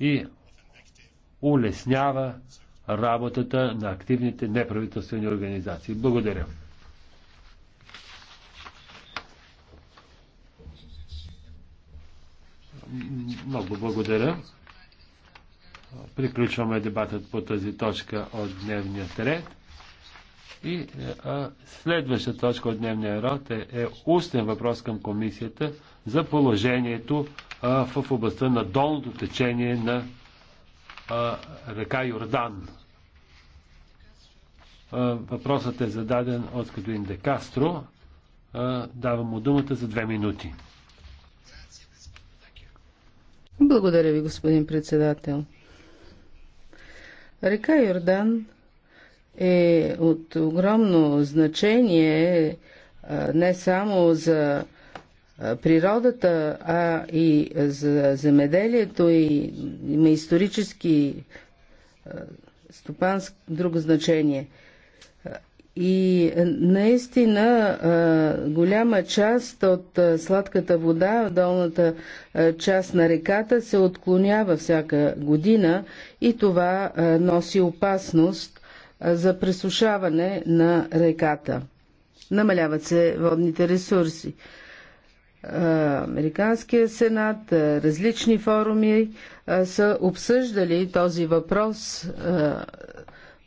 и улеснява работата на активните неправителствени организации. Благодаря. Много благодаря. Приключваме дебатът по тази точка от дневния ред. И а, следваща точка от дневния ред е, е устен въпрос към комисията за положението а, в областта на долното течение на а, река Йордан. А, въпросът е зададен от Кадуин Де Кастро. А, давам му думата за две минути. Благодаря ви, господин председател. Река Йордан е от огромно значение не само за природата, а и за земеделието и има исторически стопанск друго значение. И наистина голяма част от сладката вода в долната част на реката се отклонява всяка година и това носи опасност за пресушаване на реката. Намаляват се водните ресурси. Американския сенат, различни форуми са обсъждали този въпрос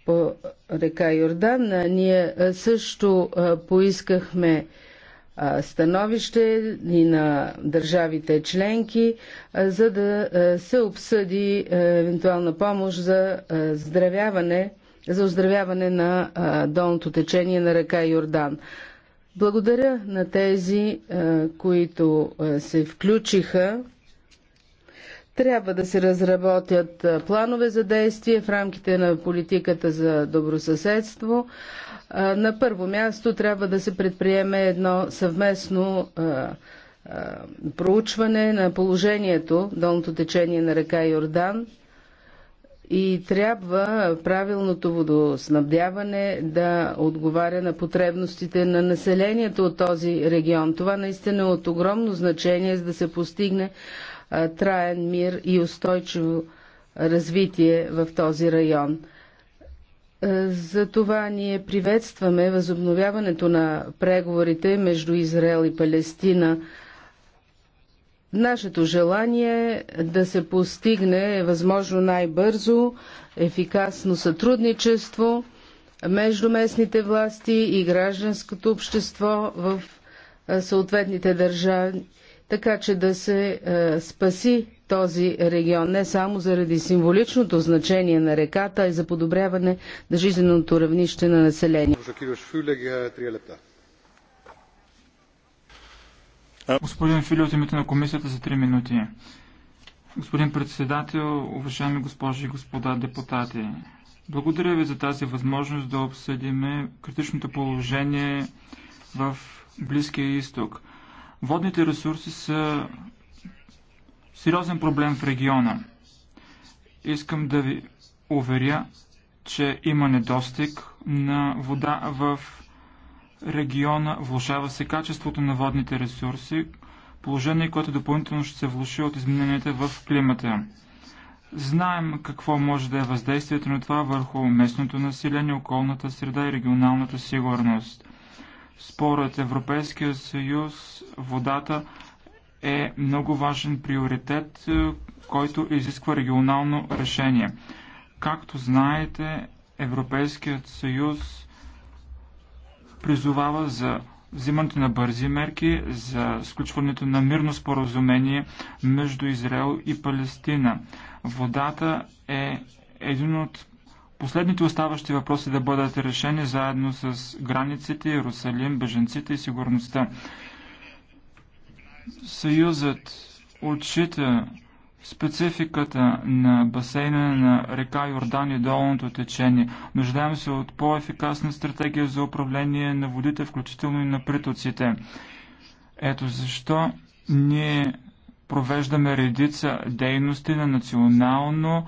по река Йордан. Ние също поискахме становище и на държавите членки, за да се обсъди евентуална помощ за здравяване за оздравяване на долното течение на река Йордан. Благодаря на тези, е, които е, се включиха. Трябва да се разработят е, планове за действие в рамките на политиката за добросъседство. На първо място трябва да се предприеме едно съвместно проучване на положението, долното течение на река Йордан и трябва правилното водоснабдяване да отговаря на потребностите на населението от този регион. Това наистина е от огромно значение, за да се постигне траен мир и устойчиво развитие в този район. За това ние приветстваме възобновяването на преговорите между Израел и Палестина Нашето желание е да се постигне възможно най-бързо ефикасно сътрудничество между местните власти и гражданското общество в съответните държави, така че да се спаси този регион не само заради символичното значение на реката, а и за подобряване на жизненото равнище на населението. Е, господин Фили от името на комисията за 3 минути. Господин председател, уважаеми госпожи и господа депутати, благодаря ви за тази възможност да обсъдим критичното положение в Близкия изток. Водните ресурси са сериозен проблем в региона. Искам да ви уверя, че има недостиг на вода в региона, влушава се качеството на водните ресурси, положение, което допълнително ще се влуши от измененията в климата. Знаем какво може да е въздействието на това върху местното население, околната среда и регионалната сигурност. Според Европейския съюз водата е много важен приоритет, е, който изисква регионално решение. Както знаете, Европейският съюз призовава за взимането на бързи мерки за сключването на мирно споразумение между Израел и Палестина. Водата е един от последните оставащи въпроси да бъдат решени заедно с границите, Иерусалим, беженците и сигурността. Съюзът отчита спецификата на басейна на река Йордан и долното течение. Нуждаем се от по-ефикасна стратегия за управление на водите, включително и на притоците. Ето защо ние провеждаме редица дейности на национално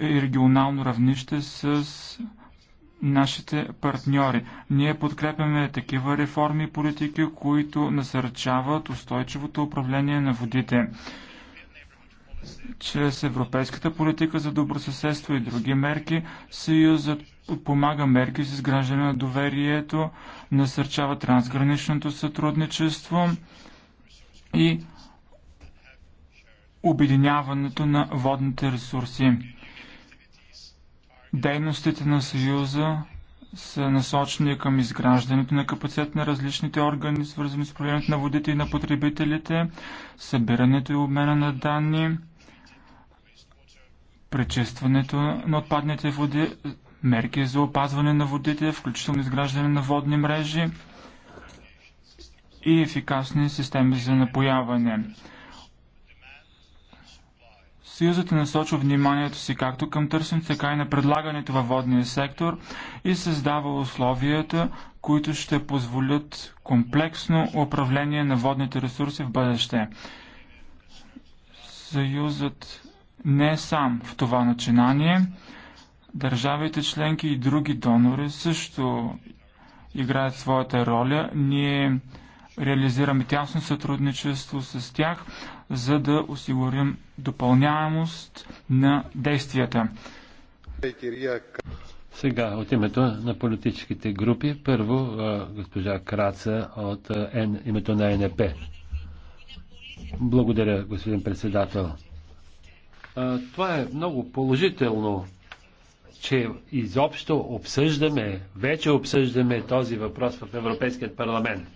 и регионално равнище с нашите партньори. Ние подкрепяме такива реформи и политики, които насърчават устойчивото управление на водите. Чрез европейската политика за добросъседство и други мерки, Съюзът помага мерки с изграждане на доверието, насърчава трансграничното сътрудничество и обединяването на водните ресурси. Дейностите на Съюза са насочени към изграждането на капацитет на различните органи, свързани с проблемите на водите и на потребителите, събирането и обмена на данни, пречистването на отпадните води, мерки за опазване на водите, включително изграждане на водни мрежи и ефикасни системи за напояване. Съюзът е насочил вниманието си както към търсен, така и на предлагането във водния сектор и създава условията, които ще позволят комплексно управление на водните ресурси в бъдеще. Съюзът не сам в това начинание. Държавите членки и други донори също играят своята роля. Ние реализираме тясно сътрудничество с тях, за да осигурим допълняемост на действията. Сега от името на политическите групи. Първо госпожа Краца от името на НП. Благодаря, господин председател. Това е много положително, че изобщо обсъждаме, вече обсъждаме този въпрос в Европейският парламент.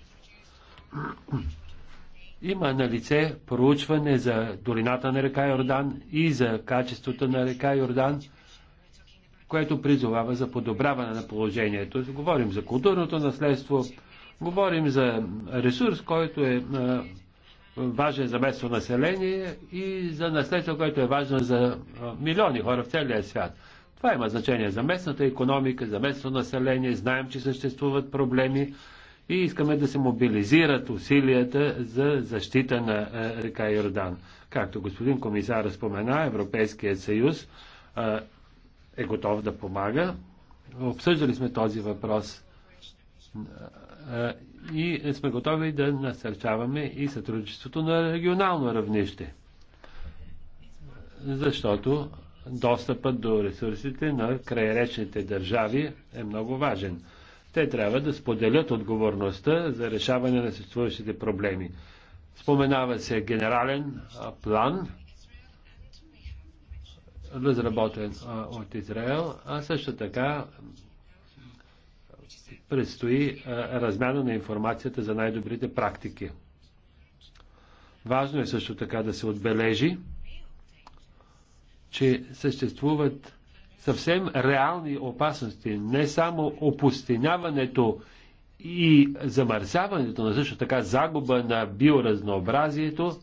Има на лице проучване за долината на река Йордан и за качеството на река Йордан, което призовава за подобряване на положението. Говорим за културното наследство, говорим за ресурс, който е важен за местно население и за наследство, което е важно за милиони хора в целия свят. Това има значение за местната економика, за местно население. Знаем, че съществуват проблеми и искаме да се мобилизират усилията за защита на река Йордан. Както господин комисар спомена, Европейският съюз е готов да помага. Обсъждали сме този въпрос и сме готови да насърчаваме и сътрудничеството на регионално равнище. Защото достъпът до ресурсите на крайречните държави е много важен. Те трябва да споделят отговорността за решаване на съществуващите проблеми. Споменава се генерален план, разработен от Израел, а също така предстои е, размяна на информацията за най-добрите практики. Важно е също така да се отбележи, че съществуват съвсем реални опасности. Не само опустеняването и замърсяването, но също така загуба на биоразнообразието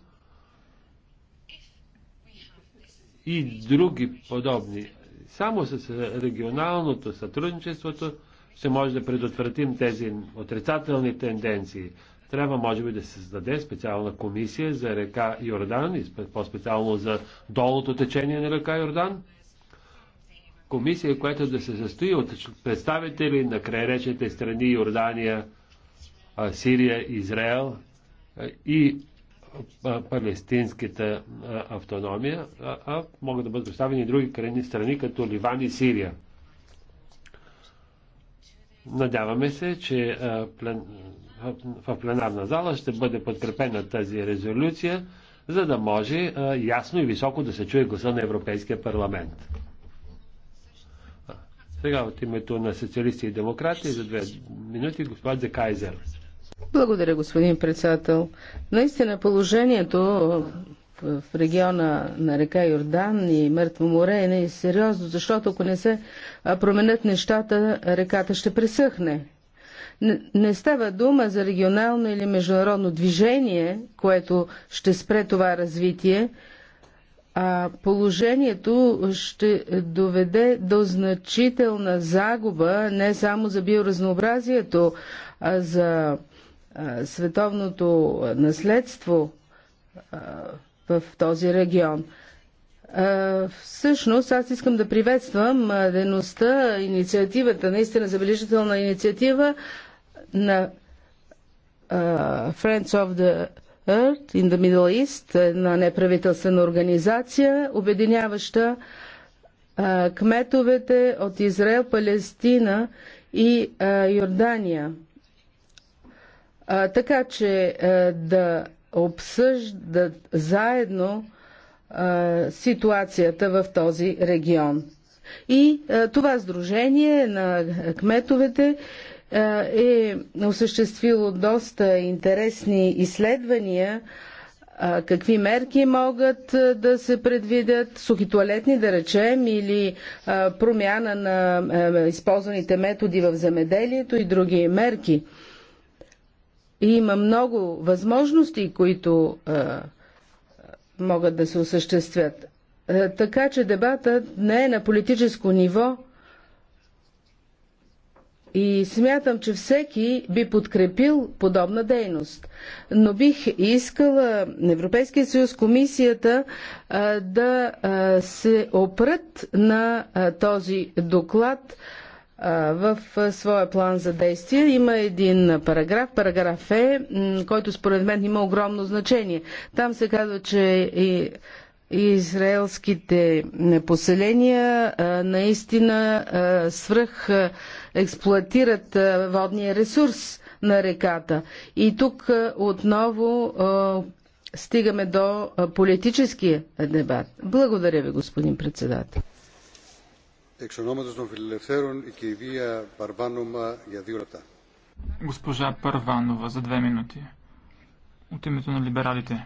и други подобни. Само с регионалното сътрудничеството ще може да предотвратим тези отрицателни тенденции. Трябва, може би, да се създаде специална комисия за река Йордан и по-специално за долното течение на река Йордан. Комисия, която да се състои от представители на крайречните страни Йордания, Сирия, Израел и палестинската автономия, а могат да бъдат представени и други крайни страни, като Ливан и Сирия. Надяваме се, че в пленарна зала ще бъде подкрепена тази резолюция, за да може ясно и високо да се чуе гласа на Европейския парламент. Сега от името на социалисти и демократи за две минути господин Кайзер. Благодаря, господин председател. Наистина положението в региона на река Йордан и Мъртво море е не сериозно, защото ако не се променят нещата, реката ще пресъхне. Не, не става дума за регионално или международно движение, което ще спре това развитие, а положението ще доведе до значителна загуба не само за биоразнообразието, а за световното наследство, в този регион. Всъщност, аз искам да приветствам дейността, инициативата, наистина забележителна инициатива на Friends of the Earth in the Middle East, една неправителствена организация, обединяваща кметовете от Израел, Палестина и Йордания. Така че да обсъждат заедно ситуацията в този регион. И това сдружение на кметовете е осъществило доста интересни изследвания какви мерки могат да се предвидят, сухи туалетни да речем, или промяна на използваните методи в земеделието и други мерки. И има много възможности, които а, могат да се осъществят. А, така че дебатът не е на политическо ниво и смятам, че всеки би подкрепил подобна дейност. Но бих искала Европейския съюз, комисията а, да а, се опрат на а, този доклад. А, в своя план за действие има един параграф, параграф Е, който според мен има огромно значение. Там се казва, че и израелските поселения наистина свръх експлуатират водния ресурс на реката. И тук отново стигаме до политическия дебат. Благодаря ви, господин председател. Госпожа Парванова за две минути. От името на либералите.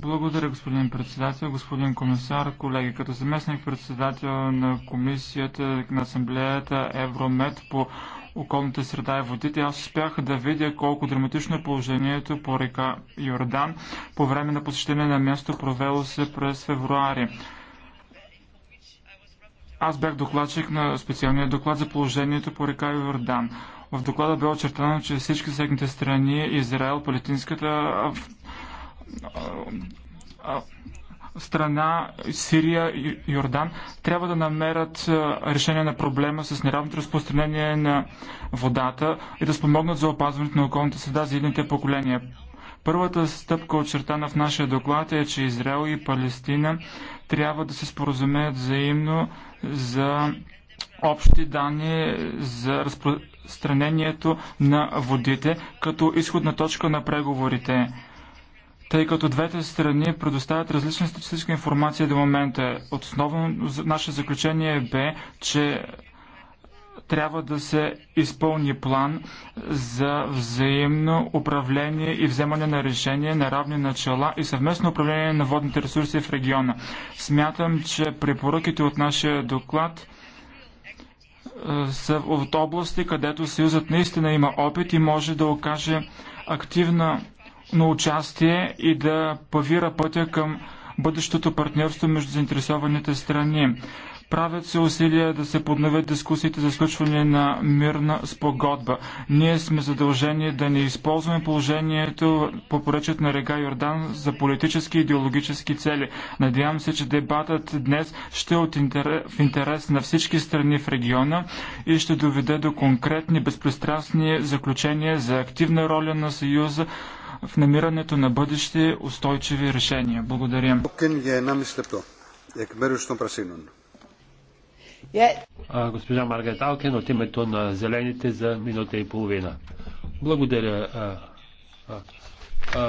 Благодаря, господин председател, господин комисар, колеги. Като заместник председател на комисията на асамблеята Евромед по околната среда и водите, аз успях да видя колко драматично е положението по река Йордан по време на посещение на място провело се през февруари. Аз бях докладчик на специалния доклад за положението по река Йордан. В доклада бе очертано, че всички съседните страни, Израел, Палестинската страна, Сирия и Йордан, трябва да намерят решение на проблема с неравното разпространение на водата и да спомогнат за опазването на околната среда за едните поколения. Първата стъпка очертана в нашия доклад е, че Израел и Палестина трябва да се споразумеят взаимно за общи данни за разпространението на водите като изходна точка на преговорите. Тъй като двете страни предоставят различна статистическа информация до момента, основно наше заключение бе, че трябва да се изпълни план за взаимно управление и вземане на решение на равни начала и съвместно управление на водните ресурси в региона. Смятам, че препоръките от нашия доклад са от области, където Съюзът наистина има опит и може да окаже активно участие и да павира пътя към бъдещото партньорство между заинтересованите страни. Правят се усилия да се подновят дискусиите за сключване на мирна спогодба. Ние сме задължени да не използваме положението по поръчат на река Йордан за политически и идеологически цели. Надявам се, че дебатът днес ще е в интерес на всички страни в региона и ще доведе до конкретни безпристрастни заключения за активна роля на Съюза в намирането на бъдещи устойчиви решения. Благодаря госпожа Маргарет Алкен от името на Зелените за минута и половина. Благодаря,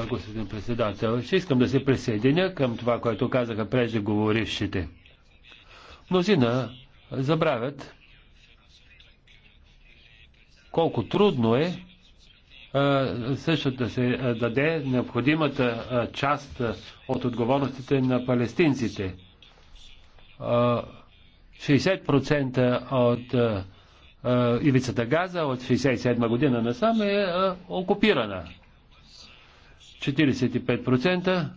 господин председател. Ще искам да се присъединя към това, което казаха преждеговорившите. Мнозина забравят колко трудно е също да се даде необходимата част от отговорностите на палестинците 60% от а, е, а, е, ивицата Газа от 67 година насам е а, е, окупирана. 45%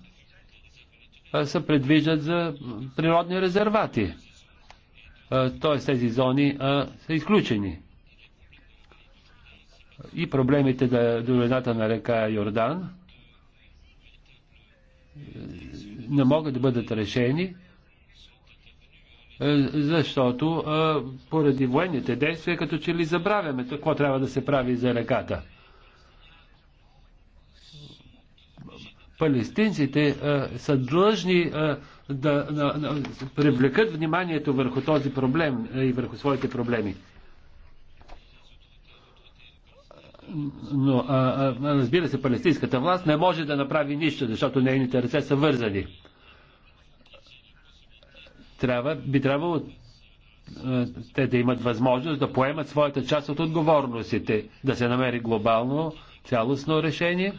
се предвиждат за природни резервати. Т.е. тези зони а, са изключени. И проблемите да, до на река Йордан не могат да бъдат решени е, защото е, поради военните действия като че ли забравяме какво трябва да се прави за реката. Палестинците а, е, са длъжни а, да на, на, привлекат вниманието върху този проблем а, и върху своите проблеми. Но, а, а, разбира се, палестинската власт не може да направи нищо, защото нейните ръце са вързани трябва, би трябвало е, те да имат възможност да поемат своята част от отговорностите, да се намери глобално цялостно решение, е,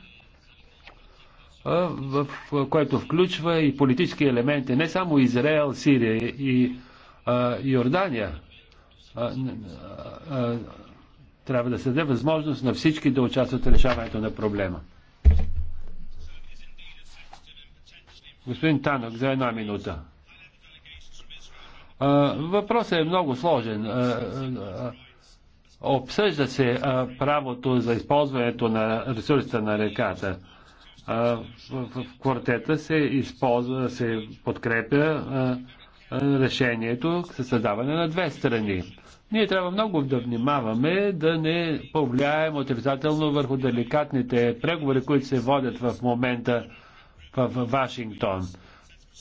в което включва и политически елементи, не само Израел, Сирия и е, Йордания. трябва да се даде възможност на всички да участват в решаването на проблема. Господин Танок, за една минута. Въпросът е много сложен. Обсъжда се правото за използването на ресурсите на реката. В квартета се използва, се подкрепя решението за създаване на две страни. Ние трябва много да внимаваме да не повлияем отрицателно върху деликатните преговори, които се водят в момента в Вашингтон.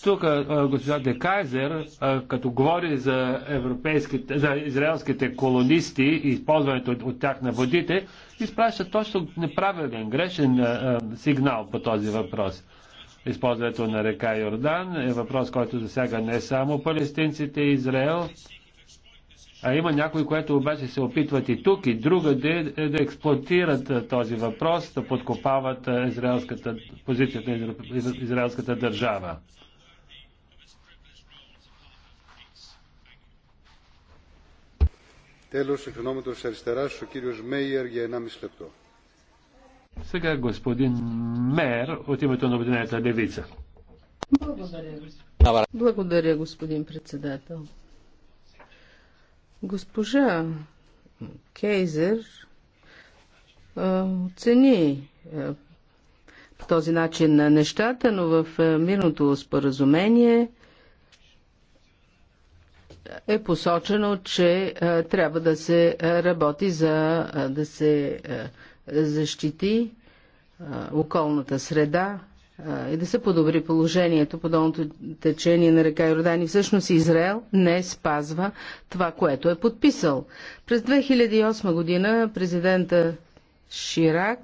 Тук госпожа Декайзер, като говори за, европейските, за израелските колонисти и използването от, тях на водите, изпраща точно неправилен, грешен сигнал по този въпрос. Използването на река Йордан е въпрос, който засяга не само палестинците и Израел, а има някои, които обаче се опитват и тук, и другаде да, е, е, да експлуатират този въпрос, да подкопават израелската, позицията на израелската държава. Сега господин Мер от името на Обединената левица. Благодаря, господин председател. Госпожа Кейзер оцени по този начин на нещата, но в мирното споразумение е посочено, че трябва да се работи за да се защити околната среда и да се подобри положението по долното течение на река Йордан. И всъщност Израел не спазва това, което е подписал. През 2008 година президента Ширак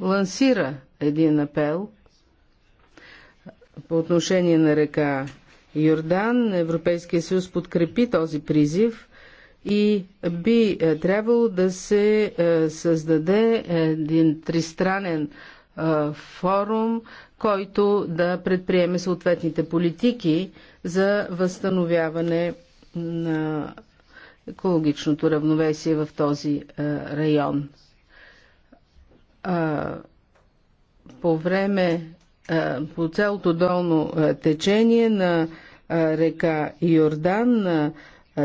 лансира един апел по отношение на река Йордан. Европейския съюз подкрепи този призив и би е, трябвало да се е, създаде един тристранен е, форум, който да предприеме съответните политики за възстановяване на екологичното равновесие в този район. По време, по цялото долно течение на река Йордан.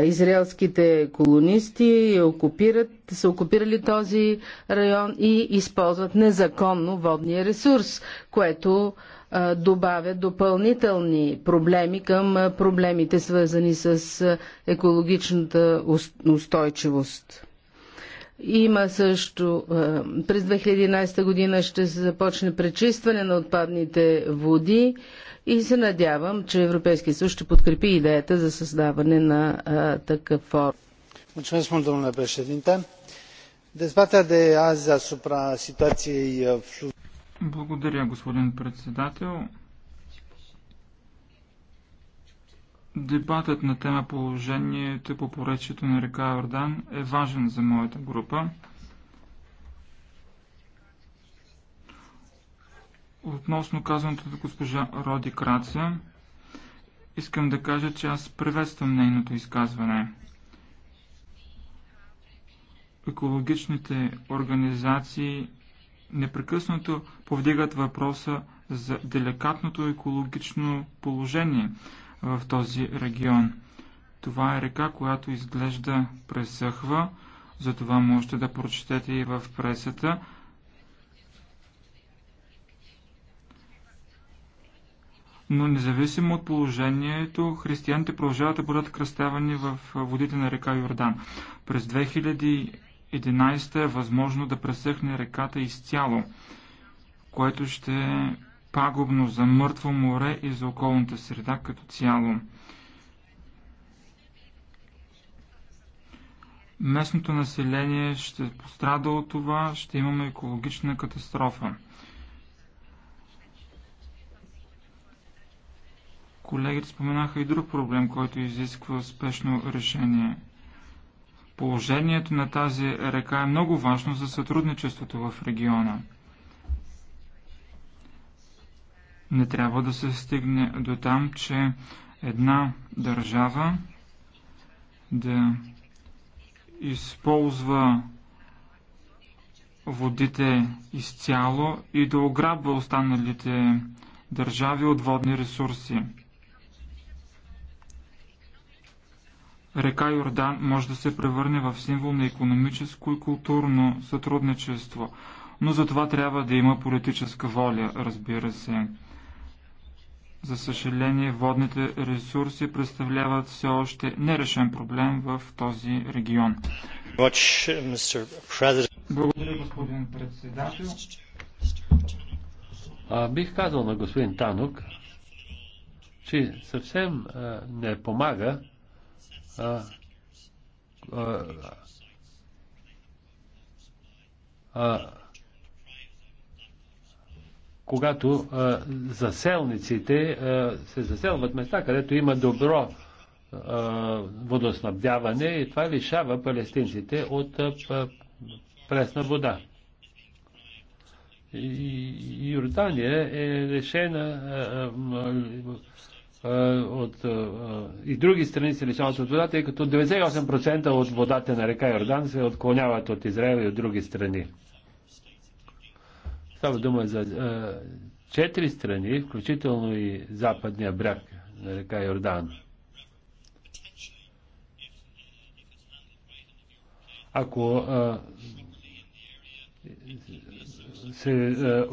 Израелските колонисти окупират, са окупирали този район и използват незаконно водния ресурс, което добавя допълнителни проблеми към проблемите, свързани с екологичната устойчивост. Има също, е, през 2011 година ще се започне пречистване на отпадните води и се надявам, че Европейския съюз ще подкрепи идеята за създаване на е, такъв форум. Mulțumesc mult, domnule președinte. Dezbaterea de azi asupra situației е, Благодаря, господин председател. Дебатът на тема положението по поречието на река Ордан е важен за моята група. Относно казаното от госпожа Роди Краца, искам да кажа, че аз приветствам нейното изказване. Екологичните организации непрекъснато повдигат въпроса за деликатното екологично положение в този регион. Това е река, която изглежда пресъхва, затова можете да прочетете и в пресата. Но независимо от положението, християните продължават да бъдат кръставани в водите на река Йордан. През 2011 е възможно да пресъхне реката изцяло, което ще пагубно за мъртво море и за околната среда като цяло. Местното население ще пострада от това, ще имаме екологична катастрофа. Колегите споменаха и друг проблем, който изисква спешно решение. Положението на тази река е много важно за сътрудничеството в региона. Не трябва да се стигне до там, че една държава да използва водите изцяло и да ограбва останалите държави от водни ресурси. Река Йордан може да се превърне в символ на економическо и културно сътрудничество, но за това трябва да има политическа воля, разбира се. За съжаление, водните ресурси представляват все още нерешен проблем в този регион. Благодаря, господин председател. А, бих казал на господин Танок, че съвсем а, не помага а, а, а, когато а, заселниците а, се заселват места, където има добро а, водоснабдяване и това лишава палестинците от а, пресна вода. И, Йордания е лишена а, а, от, а, и други страни се лишават от вода, тъй като 98% от водата на река Йордан се отклоняват от Израел и от други страни. Става дума за а, четири страни, включително и западния бряг на река Йордан. Ако а, се а,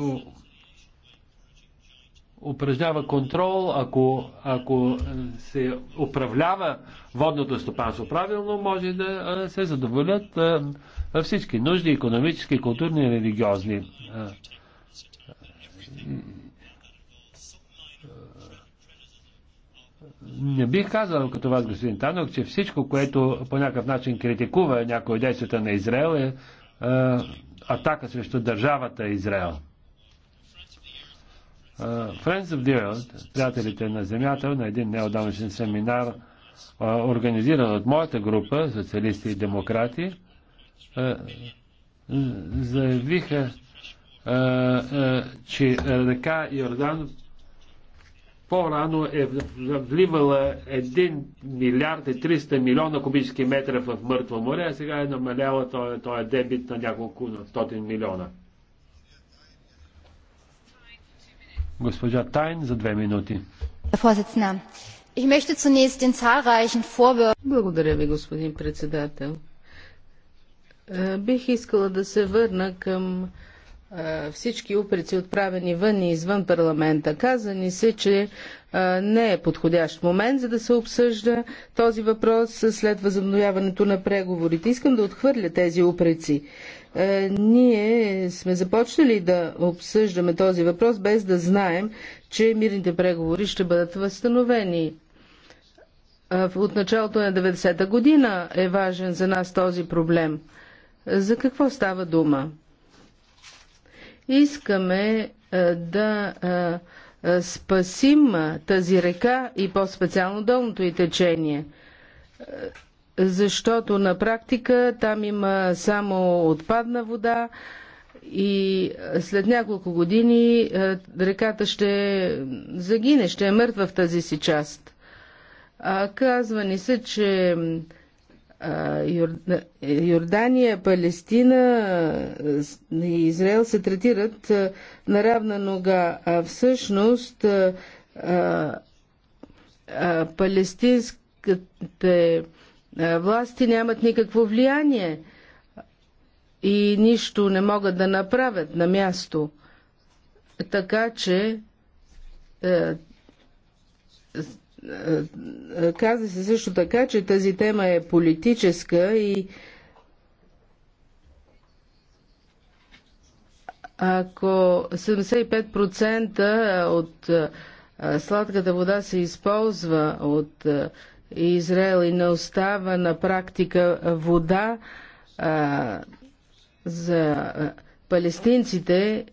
упражнява контрол, ако, ако се управлява водното стопанство правилно, може да се задоволят всички нужди, економически, културни и религиозни. Не бих казал като вас, господин Танок, че всичко, което по някакъв начин критикува някои действията на Израел е, е, атака срещу държавата Израел. Е, Friends of the Earth, приятелите на земята, на един неодавнашен семинар, е, организиран от моята група, социалисти и демократи, заявиха, че река Йордан по-рано е вливала 1 милиард и 300 милиона кубически метра в Мъртво море, а сега е намаляла този, е дебит на няколко на 100 милиона. Госпожа Тайн за две минути. Благодаря ви, господин председател. Е, бих искала да се върна към всички упреци отправени вън и извън парламента. Каза ни се, че не е подходящ момент за да се обсъжда този въпрос след възобновяването на преговорите. Искам да отхвърля тези упреци. Ние сме започнали да обсъждаме този въпрос без да знаем, че мирните преговори ще бъдат възстановени. От началото на 90-та година е важен за нас този проблем. За какво става дума? Искаме да спасим тази река и по-специално долното и течение защото на практика там има само отпадна вода и след няколко години реката ще загине, ще е мъртва в тази си част. Казва ни се, че Йордания, Палестина и Израел се третират на равна нога. А всъщност палестинските власти нямат никакво влияние и нищо не могат да направят на място. Така че е, е, каза се също така, че тази тема е политическа и ако 75% от е, сладката вода се използва от Израел и не остава на практика вода за палестинците,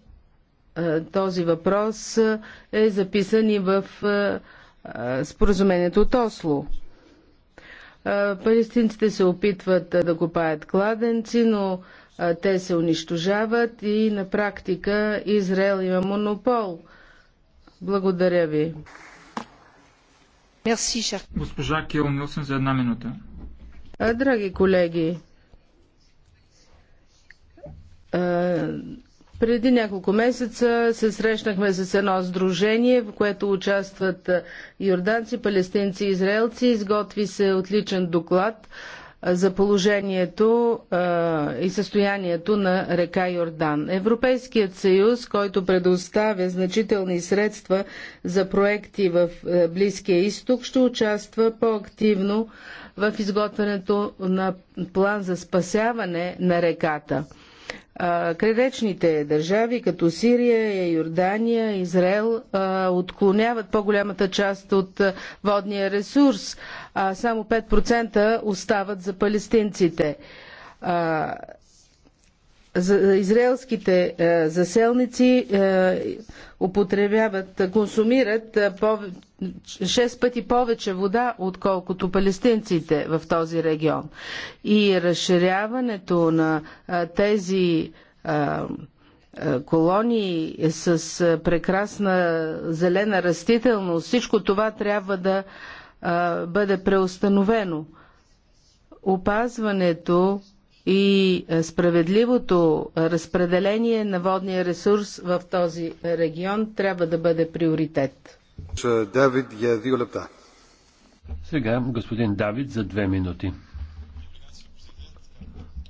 този въпрос е записан и в споразумението от Осло. Палестинците се опитват да копаят кладенци, но те се унищожават и на практика Израел има монопол. Благодаря ви. Госпожа Кил Нилсен за една минута. Драги колеги, преди няколко месеца се срещнахме с едно сдружение, в което участват йорданци, палестинци и израелци. Изготви се отличен доклад за положението а, и състоянието на река Йордан. Европейският съюз, който предоставя значителни средства за проекти в Близкия изток, ще участва по-активно в изготвянето на план за спасяване на реката крайречните държави, като Сирия, Йордания, Израел, отклоняват по-голямата част от водния ресурс, а само 5% остават за палестинците израелските е, заселници е, употребяват, консумират е, пов... 6 пъти повече вода, отколкото палестинците в този регион. И разширяването на тези колонии с прекрасна зелена растителност, всичко това трябва да бъде преустановено. Опазването и е, справедливото е, разпределение на водния ресурс в този регион трябва да бъде приоритет. Е, Давид, лепта. Сега господин Давид за две минути.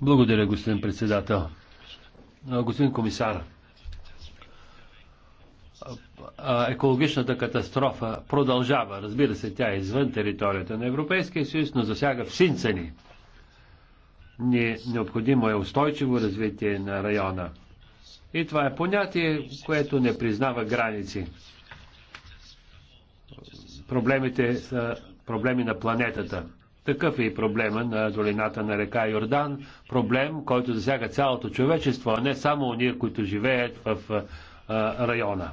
Благодаря, господин председател. Господин комисар, екологичната катастрофа продължава. Разбира се, тя е извън територията на Европейския съюз, но засяга всинца ни ни необходимо е устойчиво развитие на района. И това е понятие, което не признава граници. Проблемите са проблеми на планетата. Такъв е и проблема на долината на река Йордан. Проблем, който засяга цялото човечество, а не само уния, които живеят в района.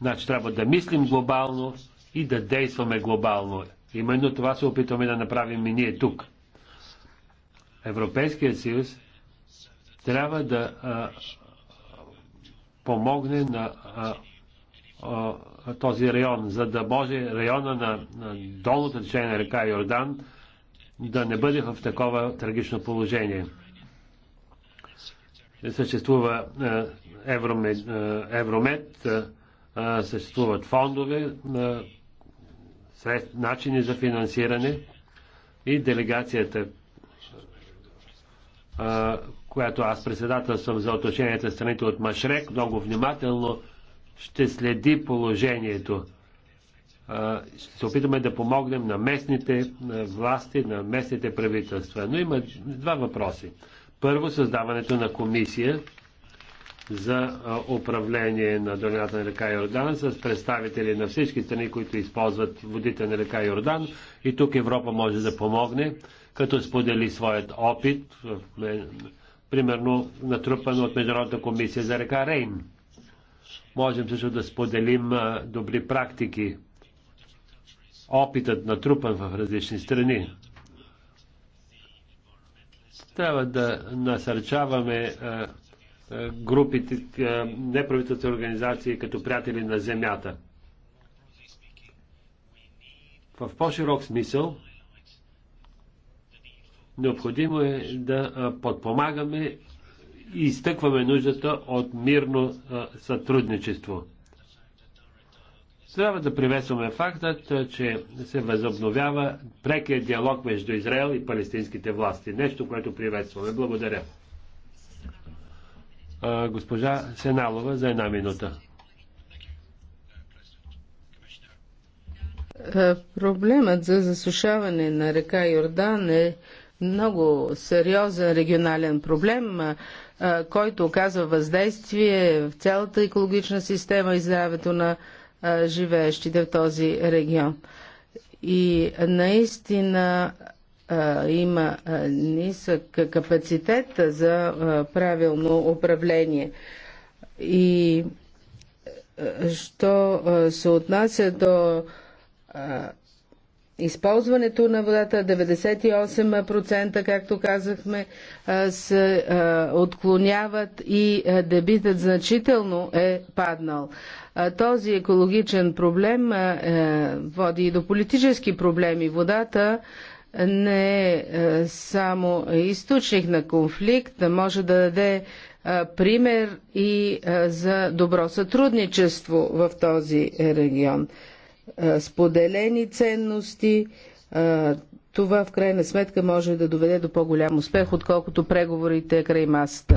Значи трябва да мислим глобално и да действаме глобално. Именно това се опитваме да направим и ние тук. Европейският съюз трябва да а, помогне на а, а, този район, за да може района на, на долното течение на река Йордан да не бъде в такова трагично положение. Съществува а, Евромед, а, Евромед а, съществуват фондове, а, сред, начини за финансиране и делегацията, която аз председателствам за отношенията с страните от Машрек, много внимателно ще следи положението. Ще се опитаме да помогнем на местните власти, на местните правителства. Но има два въпроси. Първо, създаването на комисия за управление на долината на река Йордан с представители на всички страни, които използват водите на река Йордан. И тук Европа може да помогне като сподели своят опит, е, примерно натрупан от Международната комисия за река Рейн. Можем също да споделим е, добри практики, опитът натрупан в различни страни. Трябва да насърчаваме е, групите, неправителствени организации като приятели на земята. В по-широк смисъл Необходимо е да подпомагаме и изтъкваме нуждата от мирно сътрудничество. Трябва да приветстваме фактът, че се възобновява прекия диалог между Израел и палестинските власти. Нещо, което приветстваме. Благодаря. Госпожа Сеналова за една минута. Е, проблемът за засушаване на река Йордан е много сериозен регионален проблем, който оказва въздействие в цялата екологична система и здравето на живеещите в този регион. И наистина има нисък капацитет за правилно управление. И що се отнася до използването на водата 98%, както казахме, се отклоняват и дебитът значително е паднал. Този екологичен проблем е, води и до политически проблеми. Водата не е само източник на конфликт, може да даде пример и за добро сътрудничество в този регион споделени ценности, това в крайна сметка може да доведе до по-голям успех, отколкото преговорите край масата.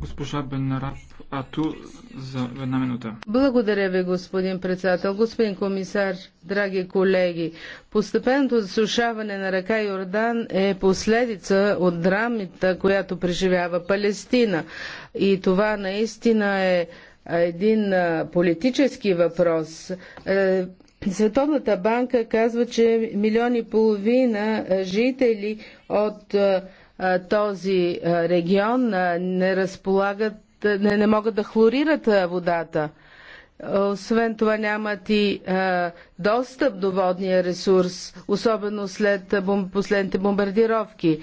Госпожа Бенараб Ату за една минута. Благодаря ви, господин председател. Господин комисар, драги колеги, постепенното засушаване на ръка Йордан е последица от драмата, която преживява Палестина. И това наистина е един политически въпрос. Е, Световната банка казва, че милиони и половина жители от този регион не разполагат, не, не могат да хлорират водата. Освен това нямат и а, достъп до водния ресурс, особено след бом, последните бомбардировки.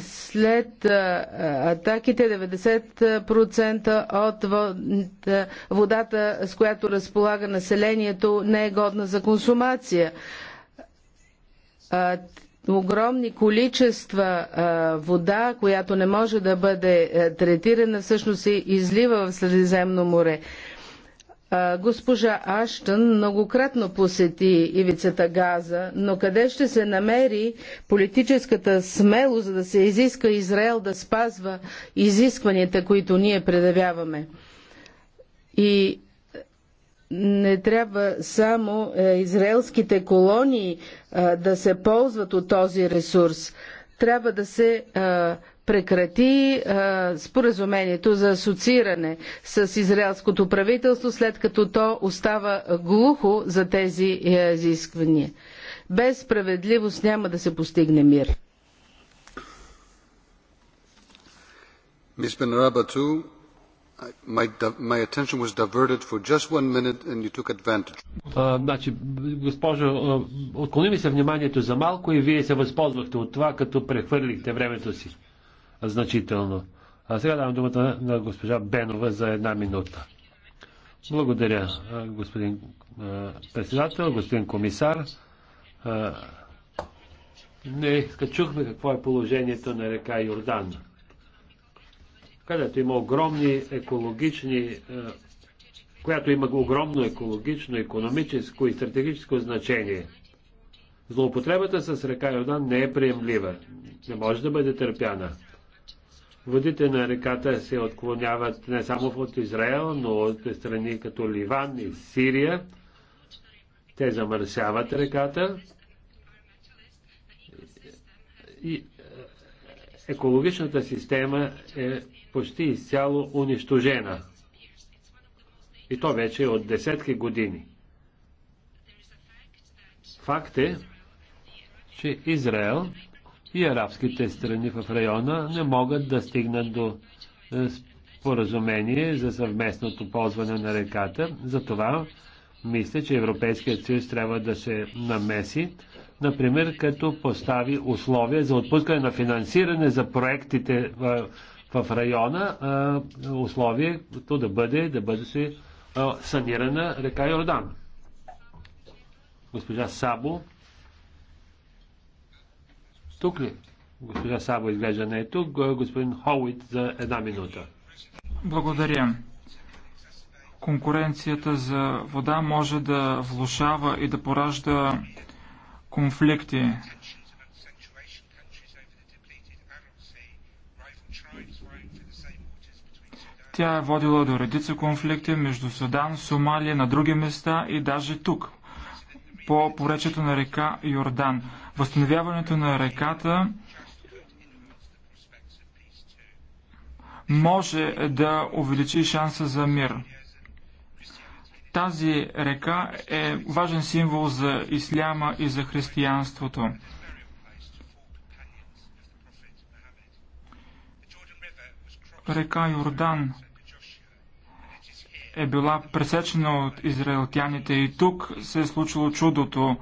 След атаките 90% от водата, с която разполага населението, не е годна за консумация. Огромни количества вода, която не може да бъде третирана, всъщност се излива в Средиземно море. Госпожа Аштън многократно посети ивицата Газа, но къде ще се намери политическата смелост да се изиска Израел да спазва изискванията, които ние предявяваме? И не трябва само е, израелските колонии да се ползват от този ресурс. Трябва да се прекрати а, споразумението за асоцииране с израелското правителство, след като то остава глухо за тези е, изисквания. Без справедливост няма да се постигне мир. Ms. my, my attention was diverted for just one minute and you took advantage. значи, госпожо, отклони ми се вниманието за малко и вие се възползвахте от това, като прехвърлихте времето си значително. А сега давам думата на госпожа Бенова за една минута. Благодаря, господин председател, господин комисар. Не чухме какво е положението на река Йордан, където има огромни екологични, която има огромно екологично, економическо и стратегическо значение. Злоупотребата с река Йордан не е приемлива, не може да бъде търпяна. Водите на реката се отклоняват не само от Израел, но от страни като Ливан и Сирия. Те замърсяват реката. И е, екологичната система е почти изцяло унищожена. И то вече от десетки години. Факт е, че Израел и арабските страни в района не могат да стигнат до е, споразумение за съвместното ползване на реката. Затова мисля, че Европейският съюз трябва да се намеси, например, като постави условия за отпускане на финансиране за проектите в, е, в района, е, условието да бъде да бъде се санирана река Йордан. Госпожа Сабо. Тук ли? Госпожа Сабо изглежда не е тук. Господин Хоуит за една минута. Благодаря. Конкуренцията за вода може да влушава и да поражда конфликти. Тя е водила до редица конфликти между Судан, Сомалия, на други места и даже тук, по поречето на река Йордан. Възстановяването на реката може да увеличи шанса за мир. Тази река е важен символ за исляма и за християнството. Река Йордан е била пресечена от израелтяните и тук се е случило чудото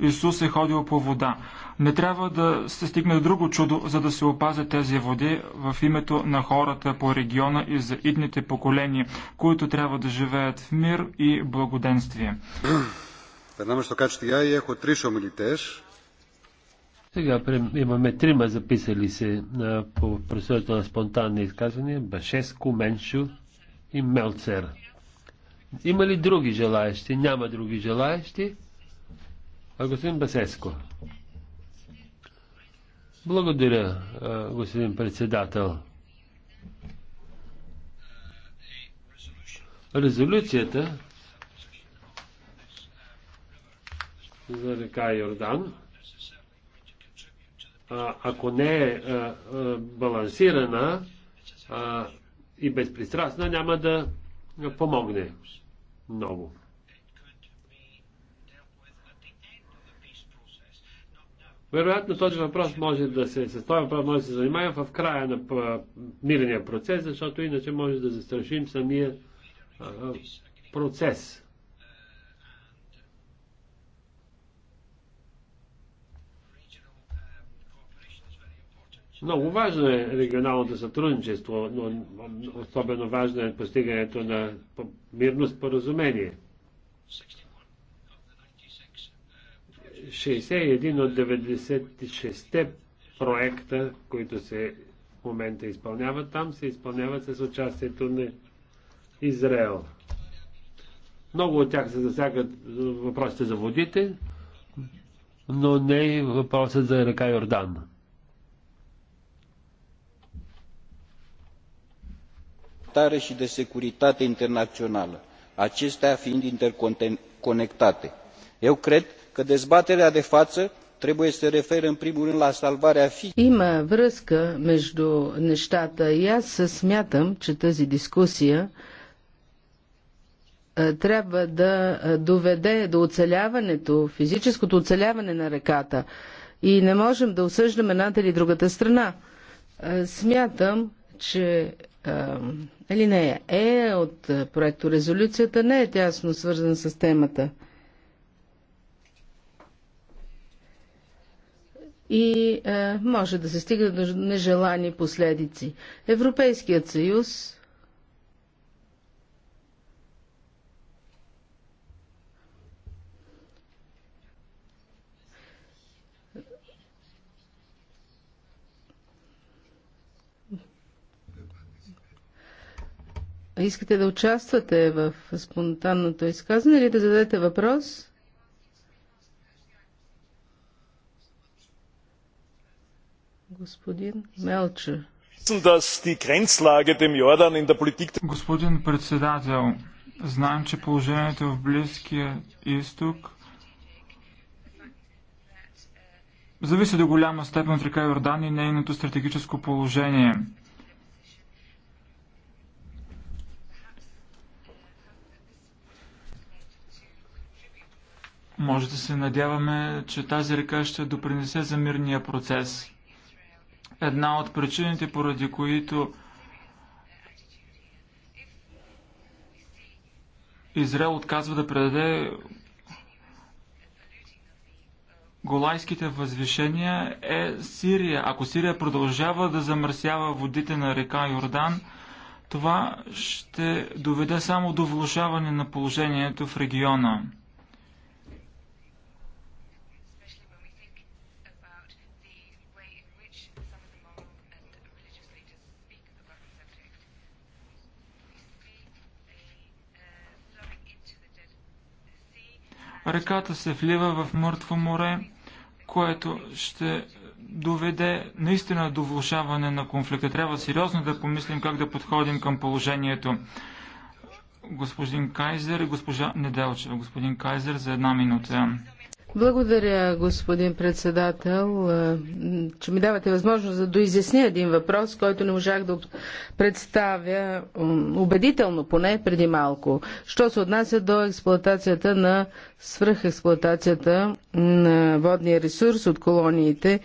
Исус е ходил по вода. Не трябва да се стигне до друго чудо, за да се опазят тези води в името на хората по региона и за идните поколения, които трябва да живеят в мир и благоденствие. Сега имаме трима записали се по председател на спонтанни изказвания. Башеско, Меншо и Мелцер. Има ли други желаящи? Няма други желаящи. Господин Басеско. Благодаря, господин председател. Резолюцията за река Йордан, ако не е балансирана и безпристрастна, няма да помогне много. Вероятно този въпрос може да се, с този въпрос може да се занимаем в края на мирния процес, защото иначе може да застрашим самия процес. Много важно е регионалното сътрудничество, но особено важно е постигането на мирно споразумение. 61 от 96-те проекта, които се в момента изпълняват там, се изпълняват с участието на Израел. Много от тях се засягат въпросите за водите, но не и въпросът за река Йордан. și de securitate internațională, acestea fiind interconectate. Eu cred că dezbaterea de față trebuie să se refere în primul rând la salvarea fiicei. Има връзка между нещата и аз смятам, че тази дискусия трябва да доведе до оцеляването, физическото оцеляване на реката. И не можем да осъждаме едната или другата страна. Смятам, че линия Е от проекто резолюцията не е тясно свързан с темата. и е, може да се стига до нежелани последици. Европейският съюз Искате да участвате в спонтанното изказване или да зададете въпрос? Господин председател, знаем, че положението в Близкия изток зависи до голяма степен от река Йордан и нейното стратегическо положение. Може да се надяваме, че тази река ще допринесе за мирния процес една от причините, поради които Израел отказва да предаде голайските възвишения е Сирия. Ако Сирия продължава да замърсява водите на река Йордан, това ще доведе само до влушаване на положението в региона. Реката се влива в мъртво море, което ще доведе наистина до влушаване на конфликта. Трябва сериозно да помислим как да подходим към положението. Господин Кайзер и госпожа Неделчева. Господин Кайзер за една минута. Благодаря, господин председател, е, че ми давате възможност да доизясня един въпрос, който не можах да представя убедително поне преди малко. Що се отнася до експлуатацията на свръхексплоатацията на водния ресурс от колониите, е,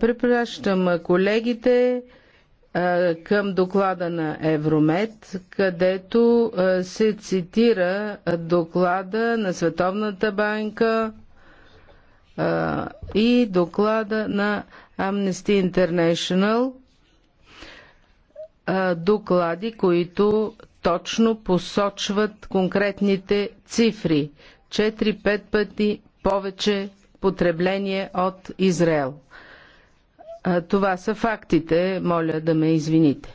препращам колегите е, към доклада на Евромед, където е, се цитира доклада на Световната банка е, и доклада на Amnesty International, доклади, които точно посочват конкретните цифри. 4-5 пъти повече потребление от Израел. Това са фактите. Моля да ме извините.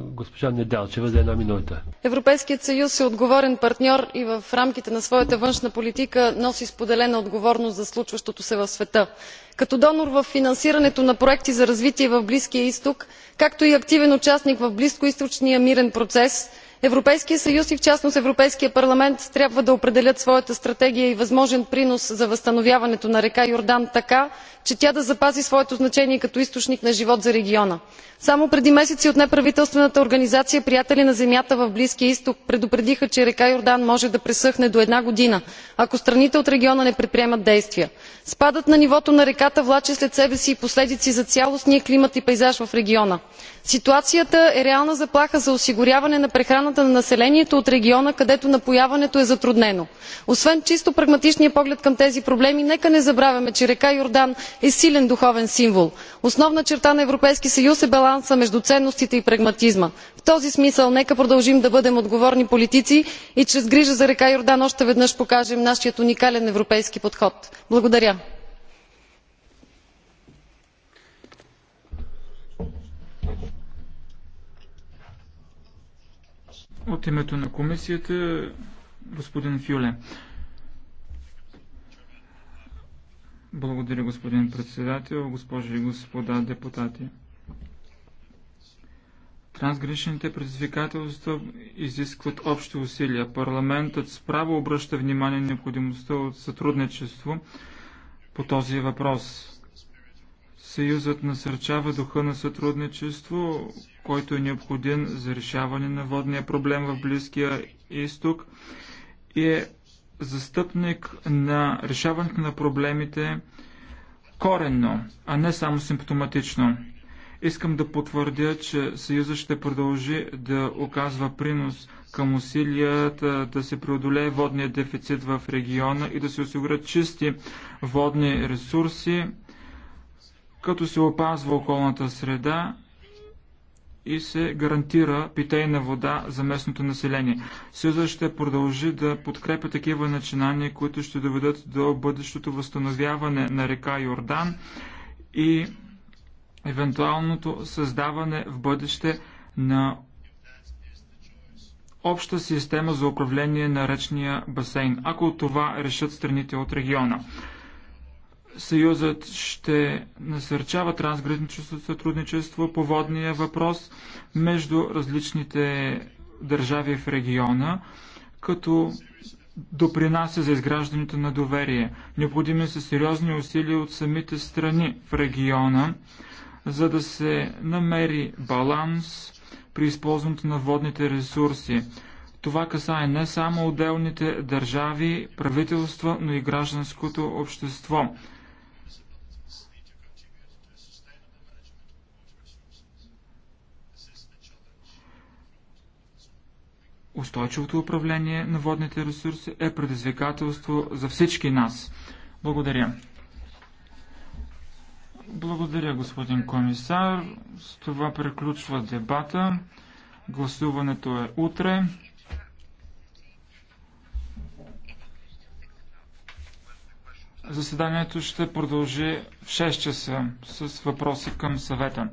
Госпожа Недалчева, за една минута. Европейският съюз е отговорен партньор и в рамките на своята външна политика носи споделена отговорност за случващото се в света. Като донор в финансирането на проекти за развитие в Близкия изток, както и активен участник в близкоизточния мирен процес, европейският съюз и в частност европейският парламент трябва да определят своята стратегия и възможен принос за възстановяването на река йордан така че тя да запази своето значение като източник на живот за региона. само преди месеци от неправителствената организация приятели на земята в близкия изток предупредиха че река йордан може да пресъхне до една година ако страните от региона не предприемат действия. спадът на нивото на реката влачи след себе си и последици за цялостния климат и пейзаж в региона. ситуацията е реална заплаха за осигуряване на прехраната охраната на населението от региона където напояването е затруднено. освен чисто прагматичния поглед към тези проблеми нека не забравяме че река йордан е силен духовен символ. основна черта на европейския съюз е балансът между ценностите и прагматизма. в този смисъл нека продължим да бъдем отговорни политици и чрез грижа за река йордан още веднъж покажем нашия уникален европейски подход. благодаря. От името на комисията, господин Фюле. Благодаря, господин председател, госпожи и господа депутати. Трансграничните предизвикателства изискват общи усилия. Парламентът справо обръща внимание на необходимостта от сътрудничество по този въпрос. Съюзът насърчава духа на сътрудничество, който е необходим за решаване на водния проблем в Близкия изток и е застъпник на решаването на проблемите коренно, а не само симптоматично. Искам да потвърдя, че Съюза ще продължи да оказва принос към усилията да се преодолее водния дефицит в региона и да се осигурят чисти водни ресурси, като се опазва околната среда и се гарантира питейна вода за местното население. Съюзът ще продължи да подкрепя такива начинания, които ще доведат до бъдещото възстановяване на река Йордан и евентуалното създаване в бъдеще на обща система за управление на речния басейн, ако това решат страните от региона. Съюзът ще насърчава трансграничното сътрудничество по водния въпрос между различните държави в региона, като допринася за изграждането на доверие. Необходими са сериозни усилия от самите страни в региона, за да се намери баланс при използването на водните ресурси. Това касае не само отделните държави, правителства, но и гражданското общество. Устойчивото управление на водните ресурси е предизвикателство за всички нас. Благодаря. Благодаря, господин комисар. С това приключва дебата. Гласуването е утре. Заседанието ще продължи в 6 часа с въпроси към съвета.